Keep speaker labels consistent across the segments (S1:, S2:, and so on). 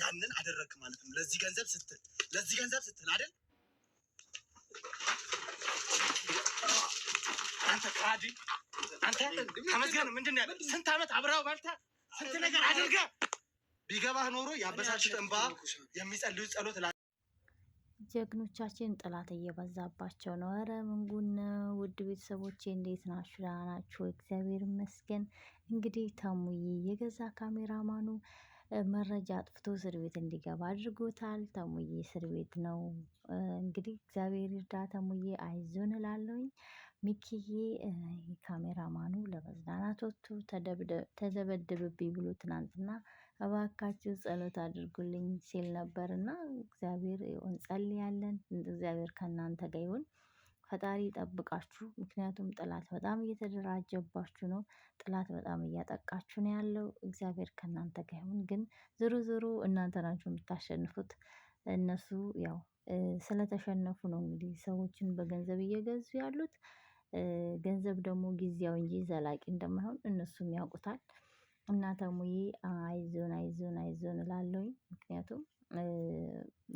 S1: ያንን አደረግክ ማለት ነው። ለዚህ ገንዘብ ስትል ለዚህ ገንዘብ ስትል አይደል? አንተ ቃዲ አንተ ተመስገን ምንድን ያለ ስንት ዓመት አብረኸው ባልታ ስንት ነገር አድርገህ ቢገባህ ኖሮ ያበሳች እንባ የሚጸልዩ ጸሎት
S2: ጀግኖቻችን ጥላት እየበዛባቸው ነው። ኧረ ምንጉን ውድ ቤተሰቦቼ እንዴት ናችሁ? ደህና ናችሁ? እግዚአብሔር ይመስገን። እንግዲህ ተሙዬ የገዛ ካሜራማኑ መረጃ አጥፍቶ እስር ቤት እንዲገባ አድርጎታል። ተሙዬ እስር ቤት ነው። እንግዲህ እግዚአብሔር ይርዳ ተሙዬ፣ አይዞን እላለሁኝ። ሚኪዬ ካሜራማኑ ለመዝናናት ወጥቶ ተደበደብብኝ ብሎ ትናንትና እባካችሁ ጸሎት አድርጉልኝ ሲል ነበር እና እግዚአብሔር እንጸልያለን። እግዚአብሔር ከእናንተ ጋር ይሁን። ፈጣሪ ይጠብቃችሁ። ምክንያቱም ጠላት በጣም እየተደራጀባችሁ ነው። ጠላት በጣም እያጠቃችሁ ነው ያለው። እግዚአብሔር ከእናንተ ጋር ይሁን። ግን ዞሮ ዞሮ እናንተ ናችሁ የምታሸንፉት። እነሱ ያው ስለተሸነፉ ነው እንግዲህ ሰዎችን በገንዘብ እየገዙ ያሉት። ገንዘብ ደግሞ ጊዜያዊ እንጂ ዘላቂ እንደማይሆን እነሱም ያውቁታል። እናተ ተሙዬ አይዞን አይዞን አይዞን እላለሁኝ። ምክንያቱም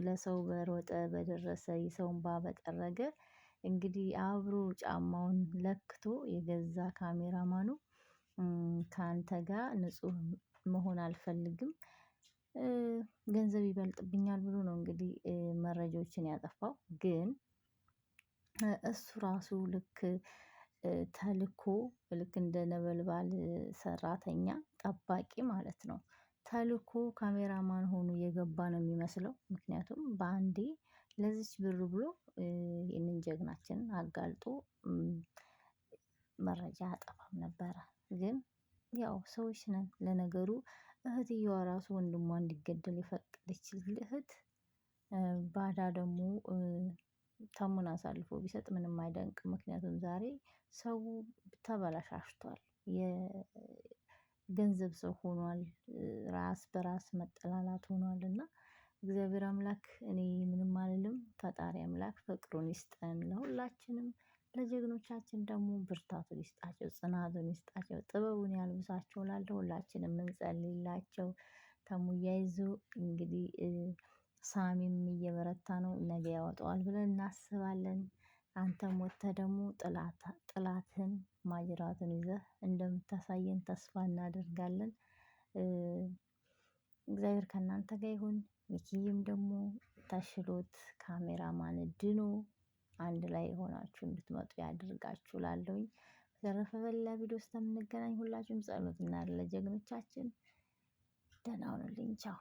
S2: ለሰው በሮጠ በደረሰ የሰውን ባበጠረገ እንግዲህ አብሮ ጫማውን ለክቶ የገዛ ካሜራማኑ ካንተ ጋር ንጹህ መሆን አልፈልግም ገንዘብ ይበልጥብኛል ብሎ ነው እንግዲህ መረጃዎችን ያጠፋው ግን እሱ ራሱ ልክ ተልኮ ልክ እንደ ነበልባል ሰራተኛ ጠባቂ ማለት ነው ተልኮ ካሜራማን ሆኖ የገባ ነው የሚመስለው ምክንያቱም በአንዴ ለዚች ብር ብሎ ይህንን ጀግናችን አጋልጦ መረጃ አጠፋም ነበረ። ግን ያው ሰዎች ነን። ለነገሩ እህትየዋ ራሱ ወንድሟ እንዲገደል የፈቀደች እህት ባዳ ደግሞ ታሙን አሳልፎ ቢሰጥ ምንም አይደንቅ። ምክንያቱም ዛሬ ሰው ተበላሻሽቷል። የገንዘብ ሰው ሆኗል። ራስ በራስ መጠላላት ሆኗል እና እግዚአብሔር አምላክ እኔ ፈጣሪ አምላክ ፍቅሩን ይስጠን ለሁላችንም። ለጀግኖቻችን ደግሞ ብርታቱን ይስጣቸው፣ ጽናቱን ይስጣቸው፣ ጥበቡን ያልብሳቸው። ላለ ሁላችንም እንጸልይላቸው። ተሙዬ አይዞህ እንግዲህ ሳሚም እየበረታ ነው። ነገ ያወጣዋል ብለን እናስባለን። አንተም ወጥተህ ደግሞ ጥላትን ማጅራቱን ይዘህ እንደምታሳየን ተስፋ እናደርጋለን። እግዚአብሔር ከእናንተ ጋር ይሁን። ሚኪይም ደግሞ የምታሽሉት ካሜራማን ድኑ አንድ ላይ ሆናችሁ እንድትመጡ ያድርጋችሁ። ላለሁኝ በተረፈ በሌላ ቪዲዮ እስከምንገናኝ ሁላችሁም ጸሎት እናድርግ ለጀግኖቻችን። ደህና ሁኑልኝ። ቻው